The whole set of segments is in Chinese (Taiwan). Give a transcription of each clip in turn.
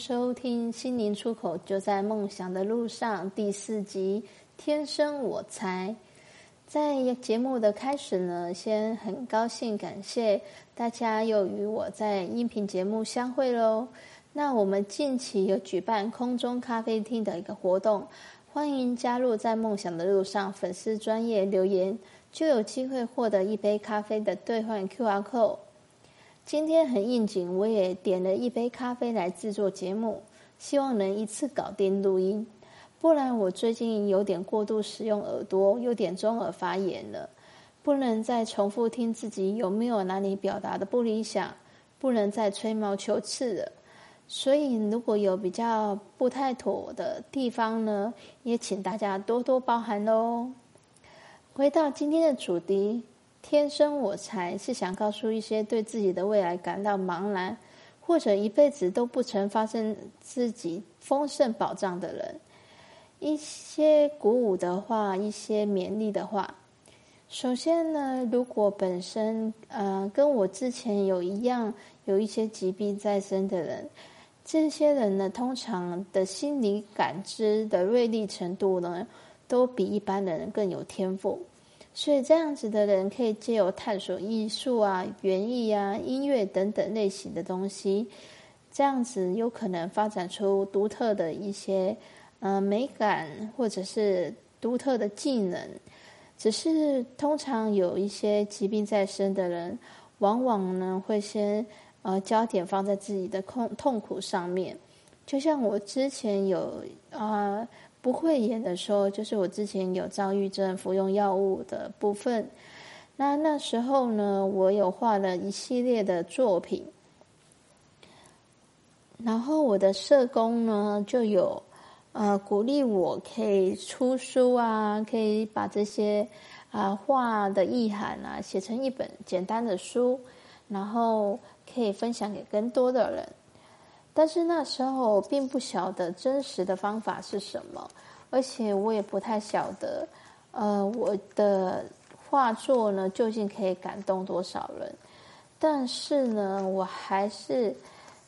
收聽《心靈出口》就在夢想的路上第四集《天生我才》。在節目的開始呢，先很高興感謝大家又與我在音頻節目相會嘍。那我們近期有舉辦空中咖啡廳的一個活動，歡迎加入在夢想的路上粉絲專頁留言，就有機會獲得一杯咖啡的兌換 QR Code。今天很應景，我也點了一杯咖啡來制作節目，希望能一次搞定錄音。不然我最近有點過度使用耳朵，又點中耳發炎了，不能再重複聽自己有沒有哪裡表達的不理想，不能再吹毛求疵了。所以如果有比較不太妥的地方呢，也請大家多多包涵咯。回到今天的主題。天生我才是想告訴一些對自己的未來感到茫然，或者一輩子都不曾發現自己豐盛寶藏的人，一些鼓舞的話，一些勉勵的話。首先呢，如果本身呃跟我之前有一樣有一些疾病在身的人，這些人呢，通常的心理感知的銳利程度呢，都比一般的人更有天賦。所以，這樣子的人可以借由探索藝術啊、園藝啊、音樂等等類型的東西，這樣子有可能發展出獨特的一些，嗯、呃，美感或者是獨特的技能。只是通常有一些疾病在身的人，往往呢會先，呃，焦點放在自己的痛痛苦上面。就像我之前有啊。呃不會演的時候，就是我之前有躁鬱症，服用藥物的部分。那那時候呢，我有畫了一系列的作品，然後我的社工呢就有呃鼓勵我可以出書啊，可以把這些啊、呃、畫的意涵，啊寫成一本簡單的書，然後可以分享給更多的人。但是那時候並不曉得真實的方法是什麼，而且我也不太曉得，呃，我的畫作呢究竟可以感動多少人？但是呢，我還是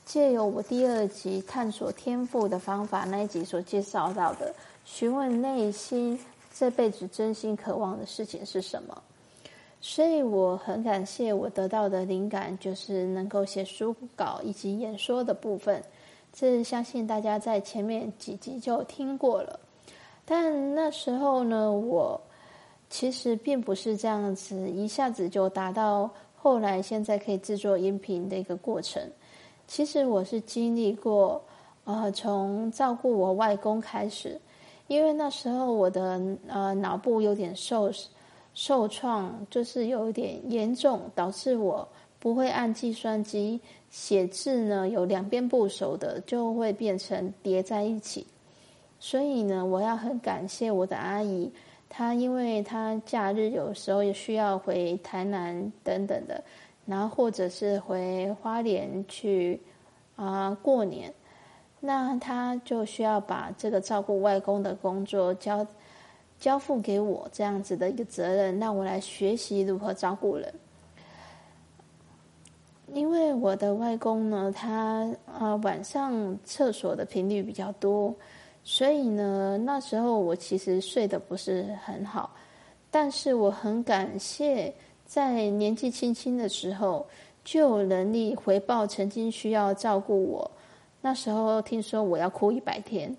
借由我第二集探索天賦的方法那一集所介紹到的，詢問內心這輩子真心渴望的事情是什麼。所以我很感謝我得到的靈感，就是能夠寫書稿以及演說的部分。這相信大家在前面幾集就聽過了。但那時候呢，我其實並不是這樣子一下子就達到後來現在可以制作音頻的一個過程。其實我是經歷過，呃，從照顧我外公開始，因為那時候我的呃腦部有點受損。受創就是有一點嚴重，導致我不會按計算機寫字呢，有兩邊不熟的，就會變成疊在一起。所以呢，我要很感謝我的阿姨，她因為她假日有時候也需要回台南等等的，然後或者是回花蓮去啊，呃，過年，那她就需要把這個照顧外公的工作交。交付給我這樣子的一個責任，讓我來學習如何照顧人。因為我的外公呢，他啊、呃、晚上廁所的頻率比較多，所以呢，那時候我其實睡得不是很好。但是我很感謝，在年紀輕輕的時候就有能力回報曾經需要照顧我。那時候聽說我要哭一百天。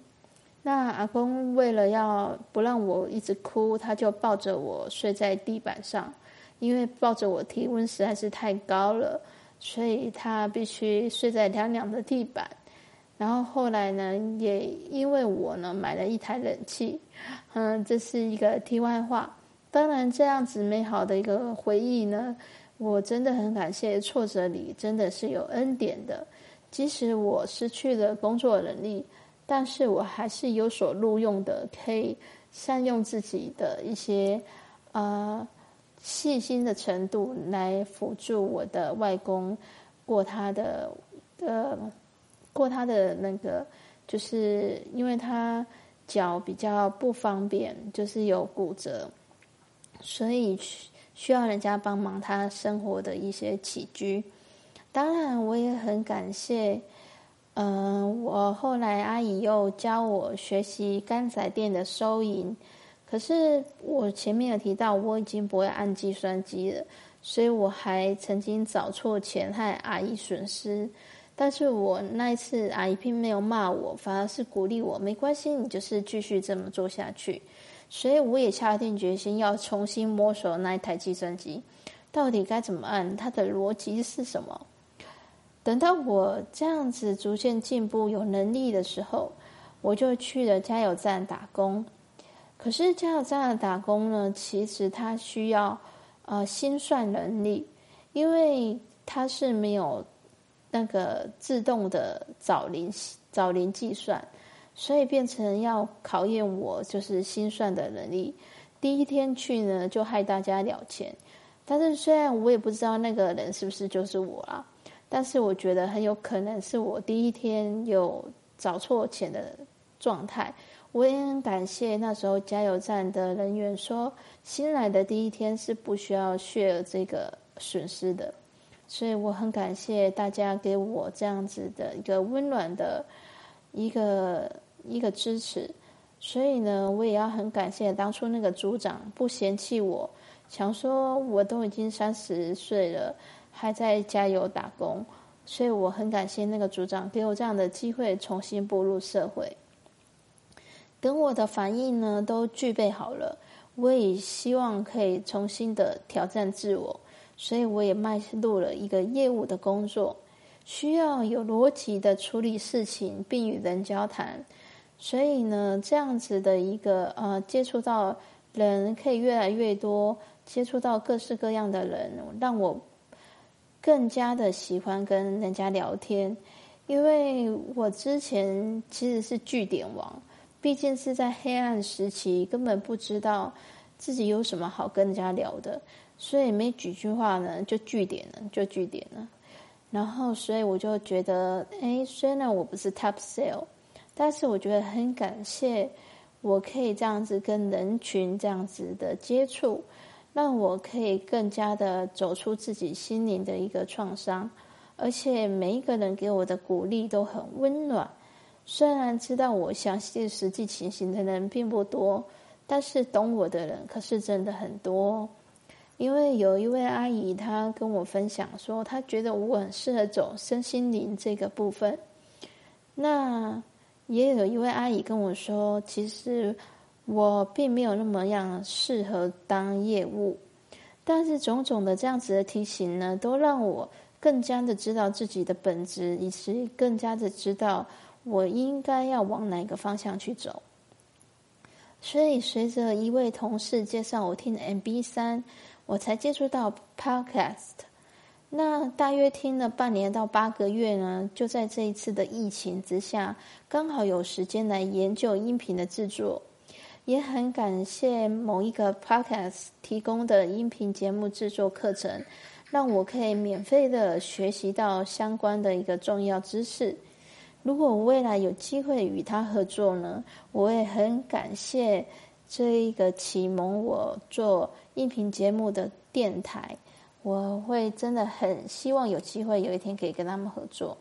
那阿公為了要不讓我一直哭，他就抱着我睡在地板上，因為抱着我體溫實在是太高了，所以他必須睡在涼涼的地板。然後後來呢，也因為我呢買了一台冷氣，嗯，這是一個題外話。當然，這樣子美好的一個回憶呢，我真的很感謝。挫折裡真的是有恩典的，即使我失去了工作能力。但是我還是有所錄用的，可以善用自己的一些呃細心的程度來輔助我的外公過他的呃過他的那個，就是因為他腳比較不方便，就是有骨折，所以需要人家幫忙他生活的一些起居。當然，我也很感謝。嗯，我後來阿姨又教我學習柑仔店的收銀，可是我前面有提到我已經不會按計算機了，所以我還曾經找錯錢害阿姨損失。但是我那一次阿姨並沒有罵我，反而是鼓勵我，沒關係，你就是繼續這麼做下去。所以我也下定決心要重新摸索那一台計算機，到底該怎麼按，它的邏輯是什麼。等到我這樣子逐漸進步、有能力的時候，我就去了加油站打工。可是加油站的打工呢，其實它需要呃心算能力，因為它是沒有那個自動的找零找零計算，所以變成要考驗我就是心算的能力。第一天去呢，就害大家了錢。但是雖然我也不知道那個人是不是就是我啊。但是我覺得很有可能是我第一天有找錯錢的狀態。我也很感謝那時候加油站的人員說，新來的第一天是不需要 share 這個損失的。所以我很感謝大家給我這樣子的一個溫暖的一個一個支持。所以呢，我也要很感謝當初那個組長不嫌棄我，想說我都已經三十歲了。還在加油打工，所以我很感謝那個組長給我這樣的機會，重新步入社會。等我的反應呢都具備好了，我也希望可以重新的挑戰自我，所以我也邁入了一個業務的工作，需要有邏輯的處理事情，並與人交談。所以呢，這樣子的一個呃，接觸到人可以越來越多，接觸到各式各樣的人，讓我，更加的喜歡跟人家聊天，因為我之前其實是句點王，畢竟是在黑暗時期，根本不知道自己有什麼好跟人家聊的，所以沒幾句話呢就句點了，就句點了。然後，所以我就覺得，哎，雖然我不是 top sale，但是我覺得很感謝，我可以這樣子跟人群這樣子的接觸。讓我可以更加的走出自己心靈的一個創傷，而且每一個人給我的鼓勵都很溫暖。雖然知道我詳細實際情形的人並不多，但是懂我的人可是真的很多。因為有一位阿姨她跟我分享說，她覺得我很適合走身心靈這個部分。那也有一位阿姨跟我說，其實。我並沒有那麼樣適合當業務，但是種種的這樣子的提醒呢，都讓我更加的知道自己的本質，以及更加的知道我應該要往哪個方向去走。所以，隨着一位同事介紹我聽的 MB 三，我才接觸到 Podcast。那大約聽了半年到八個月呢，就在這一次的疫情之下，剛好有時間來研究音頻的製作。也很感謝某一個 podcast 提供的音頻節目制作課程，讓我可以免費的學習到相關的一個重要知識。如果我未來有機會與他合作呢，我也很感謝這一個啟蒙我做音頻節目的電台。我會真的很希望有機會有一天可以跟他們合作，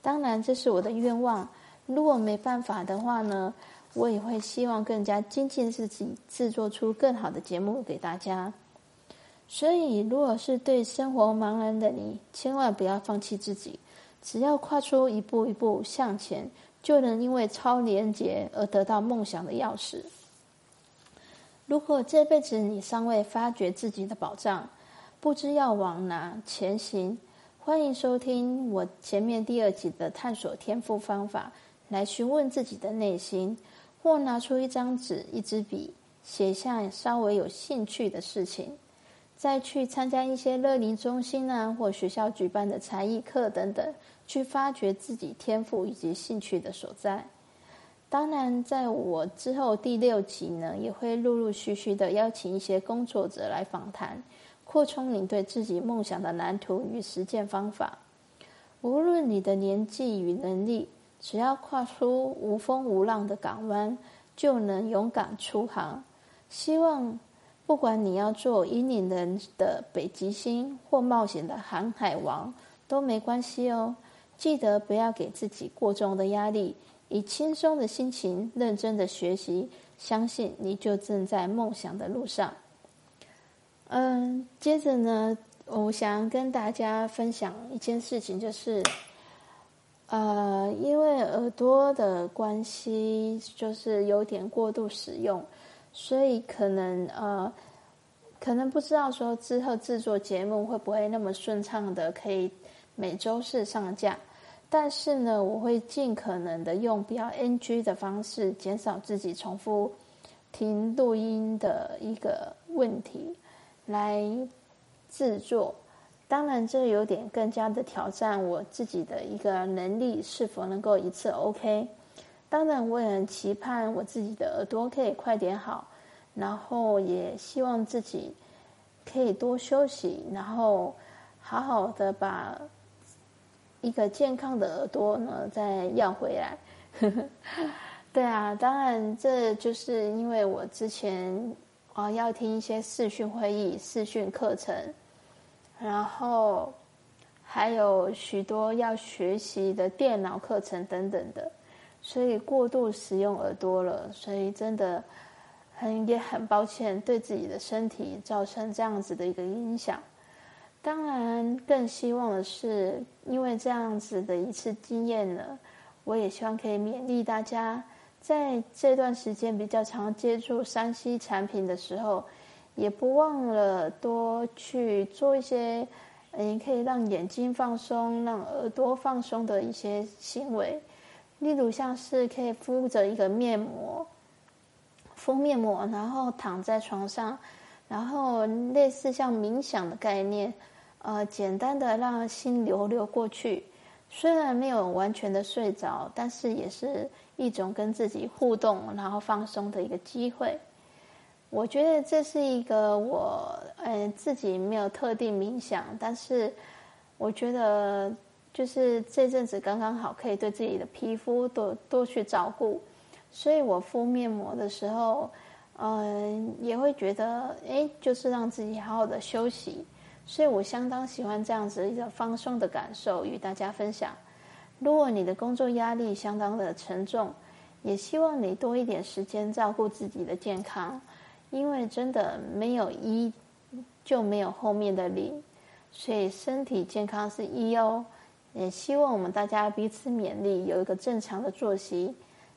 當然這是我的願望。如果沒辦法的話呢？我也會希望更加精進自己，制作出更好的節目給大家。所以，如果是對生活茫然的你，千萬不要放棄自己。只要跨出一步一步向前，就能因為超連接而得到夢想的鑰匙。如果這輩子你尚未發掘自己的寶藏，不知要往哪前行，歡迎收聽我前面第二集的探索天賦方法，來詢問自己的內心。或拿出一張紙、一支筆，寫下稍微有興趣的事情，再去參加一些樂齡中心啊，或學校舉辦的才藝課等等，去發掘自己天賦以及興趣的所在。當然，在我之後第六集呢，也會陸陸續續的邀請一些工作者來訪談，擴充你對自己夢想的藍圖與實踐方法。無論你的年紀與能力。只要跨出無風無浪的港灣，就能勇敢出航。希望不管你要做引領人的北極星，或冒險的航海王，都沒關係哦。記得不要給自己過重的壓力，以輕鬆的心情認真的學習。相信你就正在夢想的路上。嗯，接着呢，我想跟大家分享一件事情，就是。呃，因為耳朵的關係，就是有點過度使用，所以可能呃，可能不知道說之後製作節目會不會那麼順暢的可以每週四上架。但是呢，我會盡可能的用比較 NG 的方式，減少自己重複聽錄音的一個問題來製作。當然，這有點更加的挑戰我自己的一個能力，是否能夠一次 OK。當然，我也很期盼我自己的耳朵可以快點好，然後也希望自己可以多休息，然後好好的把一個健康的耳朵呢再要回來。 對啊，當然，這就是因為我之前啊、呃、要聽一些視訊會議、視訊課程。然後還有許多要學習的電腦課程等等的，所以過度使用耳朵了，所以真的很也很抱歉，對自己的身體造成這樣子的一個影響。當然，更希望的是，因為這樣子的一次經驗呢，我也希望可以勉勵大家，在這段時間比較常接觸 3C 產品的時候，也不忘了多去做一些，你可以讓眼睛放鬆、讓耳朵放鬆的一些行為，例如像是可以敷着一個面膜，敷面膜，然後躺在床上，然後類似像冥想的概念，呃，簡單的讓心流流過去。雖然沒有完全的睡着，但是也是一種跟自己互動然後放鬆的一個機會。我覺得這是一個我嗯、哎、自己沒有特定冥想，但是我覺得就是這陣子剛剛好可以對自己的皮膚多多去照顧，所以我敷面膜的時候，嗯也會覺得哎就是讓自己好好的休息，所以我相當喜歡這樣子一個放鬆的感受與大家分享。如果你的工作壓力相當的沉重，也希望你多一點時間照顧自己的健康。因為真的沒有一，就沒有後面的零，所以身體健康是一哦。也希望我們大家彼此勉勵，有一個正常的作息。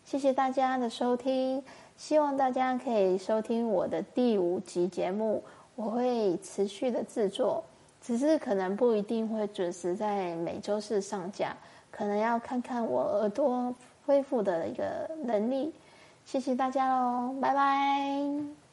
謝謝大家的收聽，希望大家可以收聽我的第五集節目，我會持續的制作，只是可能不一定會準時在每周四上架，可能要看看我耳朵恢復的一個能力。謝謝大家嘍，拜拜。